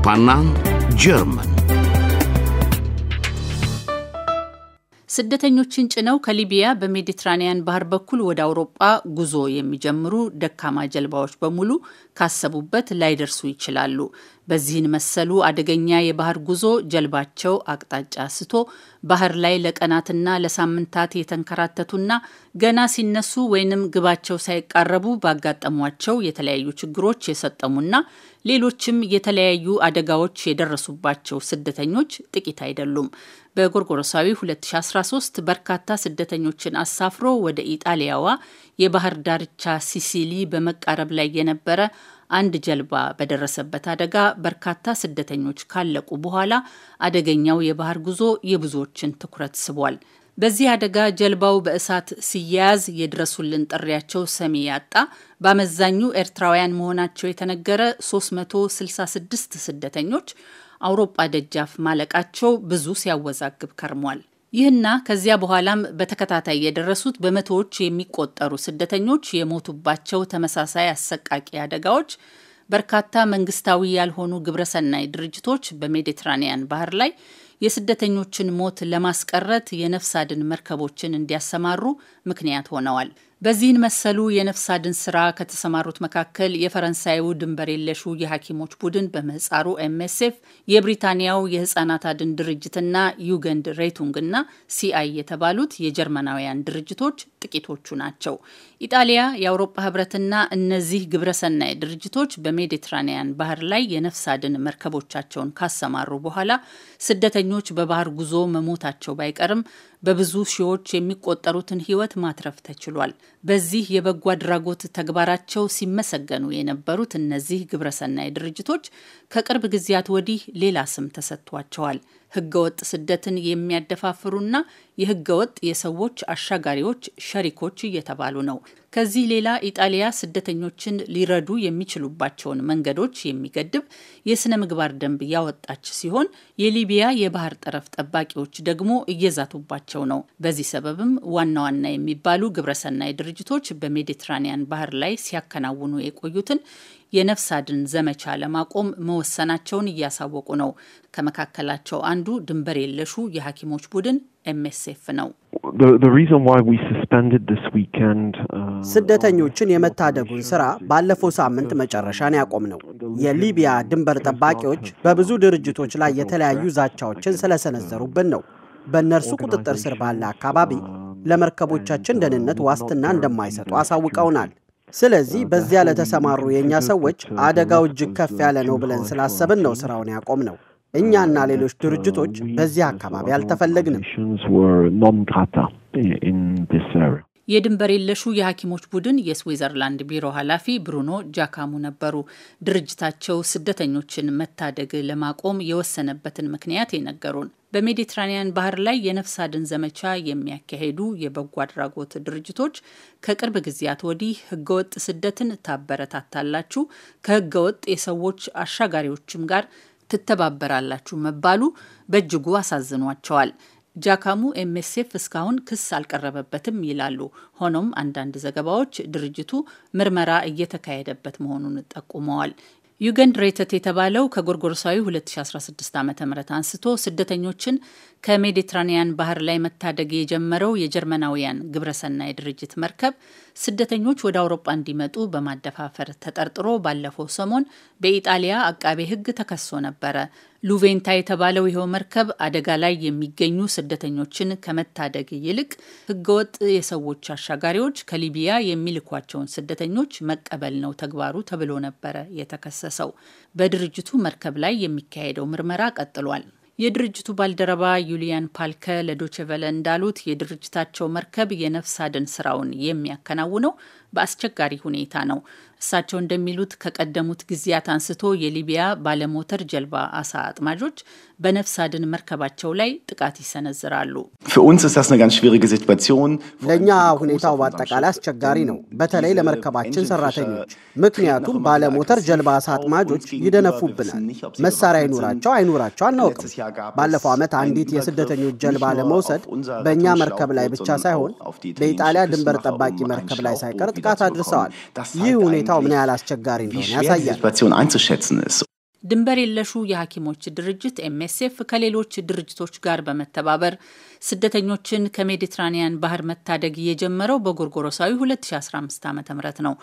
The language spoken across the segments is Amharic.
አውሮፓና ጀርመን ስደተኞችን ጭነው ከሊቢያ በሜዲትራኒያን ባህር በኩል ወደ አውሮጳ ጉዞ የሚጀምሩ ደካማ ጀልባዎች በሙሉ ካሰቡበት ላይደርሱ ይችላሉ። በዚህን መሰሉ አደገኛ የባህር ጉዞ ጀልባቸው አቅጣጫ ስቶ ባህር ላይ ለቀናትና ለሳምንታት የተንከራተቱና ገና ሲነሱ ወይንም ግባቸው ሳይቃረቡ ባጋጠሟቸው የተለያዩ ችግሮች የሰጠሙና ሌሎችም የተለያዩ አደጋዎች የደረሱባቸው ስደተኞች ጥቂት አይደሉም። በጎርጎሮሳዊ 2013 በርካታ ስደተኞችን አሳፍሮ ወደ ኢጣሊያዋ የባህር ዳርቻ ሲሲሊ በመቃረብ ላይ የነበረ አንድ ጀልባ በደረሰበት አደጋ በርካታ ስደተኞች ካለቁ በኋላ አደገኛው የባህር ጉዞ የብዙዎችን ትኩረት ስቧል። በዚህ አደጋ ጀልባው በእሳት ሲያያዝ የድረሱልን ጥሪያቸው ሰሚ ያጣ በአመዛኙ ኤርትራውያን መሆናቸው የተነገረ 366 ስደተኞች አውሮፓ ደጃፍ ማለቃቸው ብዙ ሲያወዛግብ ከርሟል። ይህና ከዚያ በኋላም በተከታታይ የደረሱት በመቶዎች የሚቆጠሩ ስደተኞች የሞቱባቸው ተመሳሳይ አሰቃቂ አደጋዎች በርካታ መንግስታዊ ያልሆኑ ግብረሰናይ ድርጅቶች በሜዲትራኒያን ባህር ላይ የስደተኞችን ሞት ለማስቀረት የነፍስ አድን መርከቦችን እንዲያሰማሩ ምክንያት ሆነዋል። በዚህን መሰሉ የነፍስ አድን ስራ ከተሰማሩት መካከል የፈረንሳዩ ድንበር የለሹ የሐኪሞች ቡድን በምህፃሩ ኤምኤስኤፍ፣ የብሪታንያው የህጻናት አድን ድርጅትና ዩገንድ ሬቱንግና ሲአይ የተባሉት የጀርመናውያን ድርጅቶች ጥቂቶቹ ናቸው። ኢጣሊያ፣ የአውሮፓ ህብረትና እነዚህ ግብረሰናይ ድርጅቶች በሜዲትራኒያን ባህር ላይ የነፍስ አድን መርከቦቻቸውን ካሰማሩ በኋላ ስደተኞች በባህር ጉዞ መሞታቸው ባይቀርም በብዙ ሺዎች የሚቆጠሩትን ህይወት ማትረፍ ተችሏል። በዚህ የበጎ አድራጎት ተግባራቸው ሲመሰገኑ የነበሩት እነዚህ ግብረሰናይ ድርጅቶች ከቅርብ ጊዜያት ወዲህ ሌላ ስም ተሰጥቷቸዋል። ህገወጥ ስደትን የሚያደፋፍሩና የህገወጥ የሰዎች አሻጋሪዎች ሸሪኮች እየተባሉ ነው። ከዚህ ሌላ ኢጣሊያ ስደተኞችን ሊረዱ የሚችሉባቸውን መንገዶች የሚገድብ የሥነ ምግባር ደንብ ያወጣች ሲሆን የሊቢያ የባህር ጠረፍ ጠባቂዎች ደግሞ እየዛቱባቸው ነው። በዚህ ሰበብም ዋና ዋና የሚባሉ ግብረሰናይ ድርጅቶች በሜዲትራኒያን ባህር ላይ ሲያከናውኑ የቆዩትን የነፍስ አድን ዘመቻ ለማቆም መወሰናቸውን እያሳወቁ ነው። ከመካከላቸው አንዱ ድንበር የለሹ የሐኪሞች ቡድን ኤምኤስኤፍ ነው። uh, ስደተኞችን የመታደጉን ስራ ባለፈው ሳምንት መጨረሻን ያቆም ነው። የሊቢያ ድንበር ጠባቂዎች በብዙ ድርጅቶች ላይ የተለያዩ ዛቻዎችን ስለሰነዘሩብን ነው። በእነርሱ ቁጥጥር ስር ባለ አካባቢ ለመርከቦቻችን ደህንነት ዋስትና እንደማይሰጡ አሳውቀውናል። ስለዚህ በዚያ ለተሰማሩ የእኛ ሰዎች አደጋው እጅግ ከፍ ያለ ነው ብለን ስላሰብን ነው ስራውን ያቆም ነው። እኛና ሌሎች ድርጅቶች በዚህ አካባቢ አልተፈለግንም። የድንበር የለሹ የሐኪሞች ቡድን የስዊዘርላንድ ቢሮ ኃላፊ ብሩኖ ጃካሙ ነበሩ። ድርጅታቸው ስደተኞችን መታደግ ለማቆም የወሰነበትን ምክንያት የነገሩን። በሜዲትራኒያን ባህር ላይ የነፍስ አድን ዘመቻ የሚያካሄዱ የበጎ አድራጎት ድርጅቶች ከቅርብ ጊዜያት ወዲህ ህገወጥ ስደትን ታበረታታላችሁ፣ ከህገወጥ የሰዎች አሻጋሪዎችም ጋር ትተባበራላችሁ መባሉ በእጅጉ አሳዝኗቸዋል። ጃካሙ ኤምኤስኤፍ እስካሁን ክስ አልቀረበበትም ይላሉ። ሆኖም አንዳንድ ዘገባዎች ድርጅቱ ምርመራ እየተካሄደበት መሆኑን ጠቁመዋል። ዩገንድ ሬተት የተባለው ከጎርጎርሳዊ 2016 ዓ ም አንስቶ ስደተኞችን ከሜዲትራኒያን ባህር ላይ መታደግ የጀመረው የጀርመናውያን ግብረሰናይ ድርጅት መርከብ ስደተኞች ወደ አውሮጳ እንዲመጡ በማደፋፈር ተጠርጥሮ ባለፈው ሰሞን በኢጣሊያ አቃቤ ሕግ ተከሶ ነበረ። ሉቬንታ የተባለው ይኸው መርከብ አደጋ ላይ የሚገኙ ስደተኞችን ከመታደግ ይልቅ ህገወጥ የሰዎች አሻጋሪዎች ከሊቢያ የሚልኳቸውን ስደተኞች መቀበል ነው ተግባሩ ተብሎ ነበረ የተከሰሰው። በድርጅቱ መርከብ ላይ የሚካሄደው ምርመራ ቀጥሏል። የድርጅቱ ባልደረባ ዩሊያን ፓልከ ለዶቼቨለ እንዳሉት የድርጅታቸው መርከብ የነፍስ አድን ስራውን የሚያከናውነው በአስቸጋሪ ሁኔታ ነው። እሳቸው እንደሚሉት ከቀደሙት ጊዜያት አንስቶ የሊቢያ ባለሞተር ጀልባ አሳ አጥማጆች በነፍስ አድን መርከባቸው ላይ ጥቃት ይሰነዝራሉ። ለእኛ ሁኔታው በአጠቃላይ አስቸጋሪ ነው፣ በተለይ ለመርከባችን ሰራተኞች። ምክንያቱም ባለሞተር ጀልባ አሳ አጥማጆች ይደነፉብናል። መሳሪያ ይኑራቸው አይኑራቸው አናውቅም። ባለፈው ዓመት አንዲት የስደተኞች ጀልባ ለመውሰድ በእኛ መርከብ ላይ ብቻ ሳይሆን በኢጣሊያ ድንበር ጠባቂ መርከብ ላይ ሳይቀር ጥቃት አድርሰዋል። ይህ ሁኔታው ምን ያህል አስቸጋሪ እንደሆነ ያሳያል። ድንበር የለሹ የሐኪሞች ድርጅት ኤምኤስኤፍ ከሌሎች ድርጅቶች ጋር በመተባበር ስደተኞችን ከሜዲትራኒያን ባህር መታደግ የጀመረው በጎርጎሮሳዊ 2015 ዓ ም ነው።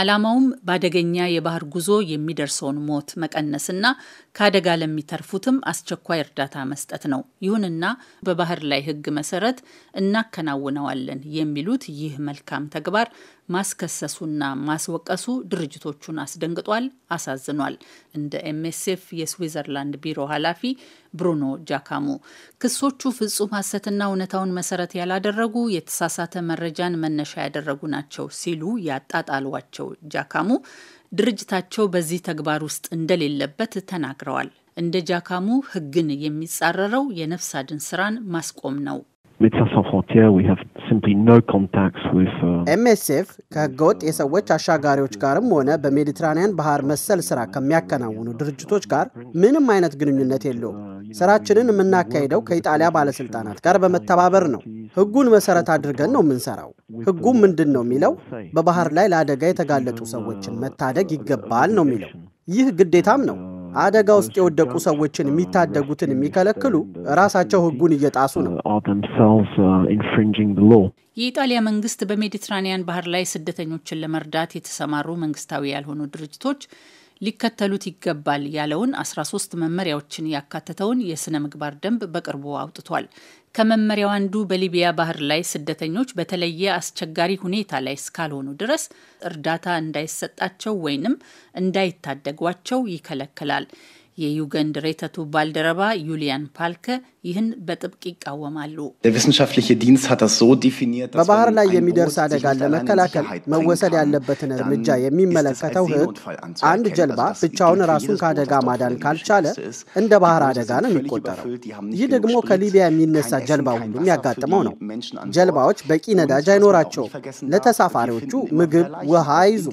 ዓላማውም በአደገኛ የባህር ጉዞ የሚደርሰውን ሞት መቀነስና ከአደጋ ለሚተርፉትም አስቸኳይ እርዳታ መስጠት ነው። ይሁንና በባህር ላይ ሕግ መሰረት እናከናውነዋለን የሚሉት ይህ መልካም ተግባር ማስከሰሱና ማስወቀሱ ድርጅቶቹን አስደንግጧል፣ አሳዝኗል። እንደ ኤምኤስኤፍ የስዊዘርላንድ ቢሮ ኃላፊ ብሩኖ ጃካሙ ክሶቹ ፍጹም ሐሰትና እውነታውን መሰረት ያላደረጉ የተሳሳተ መረጃን መነሻ ያደረጉ ናቸው ሲሉ ያጣጣሏቸው ጃካሙ ድርጅታቸው በዚህ ተግባር ውስጥ እንደሌለበት ተናግረዋል። እንደ ጃካሙ ሕግን የሚጻረረው የነፍስ አድን ስራን ማስቆም ነው። ኤምኤስኤፍ um, ከህገወጥ የሰዎች አሻጋሪዎች ጋርም ሆነ በሜዲትራኒያን ባህር መሰል ስራ ከሚያከናውኑ ድርጅቶች ጋር ምንም አይነት ግንኙነት የለውም። ስራችንን የምናካሄደው ከኢጣሊያ ባለስልጣናት ጋር በመተባበር ነው። ህጉን መሰረት አድርገን ነው የምንሰራው። ህጉ ምንድን ነው የሚለው? በባህር ላይ ለአደጋ የተጋለጡ ሰዎችን መታደግ ይገባል ነው የሚለው። ይህ ግዴታም ነው። አደጋ ውስጥ የወደቁ ሰዎችን የሚታደጉትን የሚከለክሉ ራሳቸው ህጉን እየጣሱ ነው። የኢጣሊያ መንግስት በሜዲትራኒያን ባህር ላይ ስደተኞችን ለመርዳት የተሰማሩ መንግስታዊ ያልሆኑ ድርጅቶች ሊከተሉት ይገባል ያለውን 13 መመሪያዎችን ያካተተውን የሥነ ምግባር ደንብ በቅርቡ አውጥቷል። ከመመሪያው አንዱ በሊቢያ ባህር ላይ ስደተኞች በተለየ አስቸጋሪ ሁኔታ ላይ እስካልሆኑ ድረስ እርዳታ እንዳይሰጣቸው ወይንም እንዳይታደጓቸው ይከለክላል። የዩገንድ ሬተቱ ባልደረባ ዩሊያን ፓልከ ይህን በጥብቅ ይቃወማሉ። በባህር ላይ የሚደርስ አደጋን ለመከላከል መወሰድ ያለበትን እርምጃ የሚመለከተው ሕግ አንድ ጀልባ ብቻውን ራሱን ከአደጋ ማዳን ካልቻለ እንደ ባህር አደጋ ነው የሚቆጠረው። ይህ ደግሞ ከሊቢያ የሚነሳ ጀልባ ሁሉ የሚያጋጥመው ነው። ጀልባዎች በቂ ነዳጅ አይኖራቸውም። ለተሳፋሪዎቹ ምግብ፣ ውሃ አይዙም።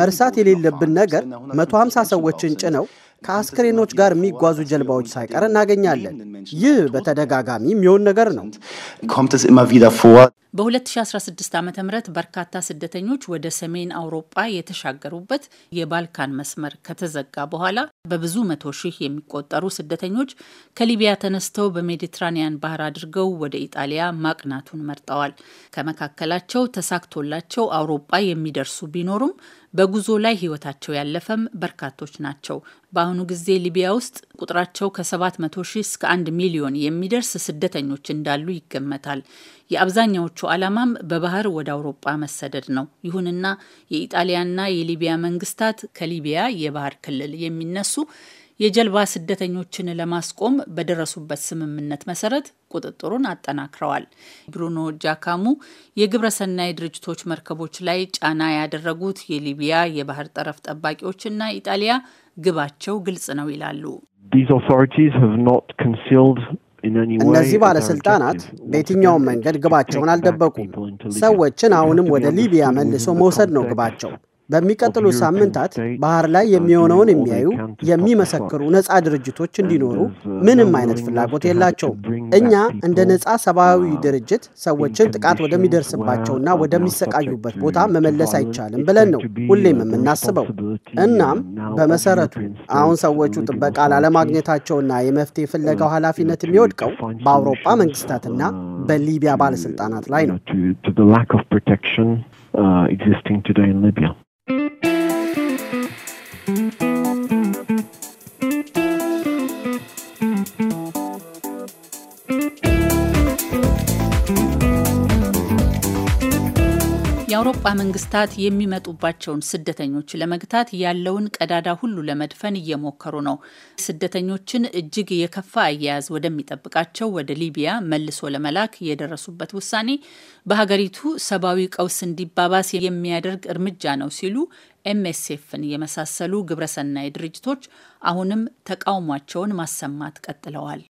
መርሳት የሌለብን ነገር 150 ሰዎችን ጭነው ከአስክሬኖች ጋር የሚጓዙ ጀልባዎች ሳይቀር እናገኛለን። ይህ በተደጋጋሚ የሚሆን ነገር ነው። በ2016 ዓ ም በርካታ ስደተኞች ወደ ሰሜን አውሮጳ የተሻገሩበት የባልካን መስመር ከተዘጋ በኋላ በብዙ መቶ ሺህ የሚቆጠሩ ስደተኞች ከሊቢያ ተነስተው በሜዲትራኒያን ባህር አድርገው ወደ ኢጣሊያ ማቅናቱን መርጠዋል። ከመካከላቸው ተሳክቶላቸው አውሮጳ የሚደርሱ ቢኖሩም በጉዞ ላይ ህይወታቸው ያለፈም በርካቶች ናቸው። በአሁኑ ጊዜ ሊቢያ ውስጥ ቁጥራቸው ከ700 ሺህ እስከ 1 ሚሊዮን የሚደርስ ስደተኞች እንዳሉ ይገመታል። የአብዛኛዎቹ ዓላማም በባህር ወደ አውሮጳ መሰደድ ነው። ይሁንና የኢጣሊያና የሊቢያ መንግስታት ከሊቢያ የባህር ክልል የሚነሱ የጀልባ ስደተኞችን ለማስቆም በደረሱበት ስምምነት መሰረት ቁጥጥሩን አጠናክረዋል። ብሩኖ ጃካሙ የግብረሰናይ ድርጅቶች መርከቦች ላይ ጫና ያደረጉት የሊቢያ የባህር ጠረፍ ጠባቂዎችና ኢጣሊያ ግባቸው ግልጽ ነው ይላሉ። እነዚህ ባለስልጣናት በየትኛውም መንገድ ግባቸውን አልደበቁም። ሰዎችን አሁንም ወደ ሊቢያ መልሶ መውሰድ ነው ግባቸው። በሚቀጥሉ ሳምንታት ባህር ላይ uh, የሚሆነውን የሚያዩ የሚመሰክሩ ነፃ ድርጅቶች እንዲኖሩ uh, ምንም አይነት ፍላጎት የላቸውም። እኛ እንደ ነፃ ሰብአዊ uh, ድርጅት ሰዎችን ጥቃት ወደሚደርስባቸውና ወደሚሰቃዩበት ቦታ መመለስ አይቻልም ብለን ነው ሁሌም የምናስበው። እናም በመሰረቱ አሁን ሰዎቹ ጥበቃ ላለማግኘታቸውና የመፍትሄ ፍለጋው ኃላፊነት የሚወድቀው በአውሮፓ መንግስታትና በሊቢያ ባለስልጣናት ላይ ነው። Uh, existing today in Libya. የአውሮጳ መንግስታት የሚመጡባቸውን ስደተኞች ለመግታት ያለውን ቀዳዳ ሁሉ ለመድፈን እየሞከሩ ነው። ስደተኞችን እጅግ የከፋ አያያዝ ወደሚጠብቃቸው ወደ ሊቢያ መልሶ ለመላክ የደረሱበት ውሳኔ በሀገሪቱ ሰብአዊ ቀውስ እንዲባባስ የሚያደርግ እርምጃ ነው ሲሉ ኤምኤስኤፍን የመሳሰሉ ግብረሰናይ ድርጅቶች አሁንም ተቃውሟቸውን ማሰማት ቀጥለዋል።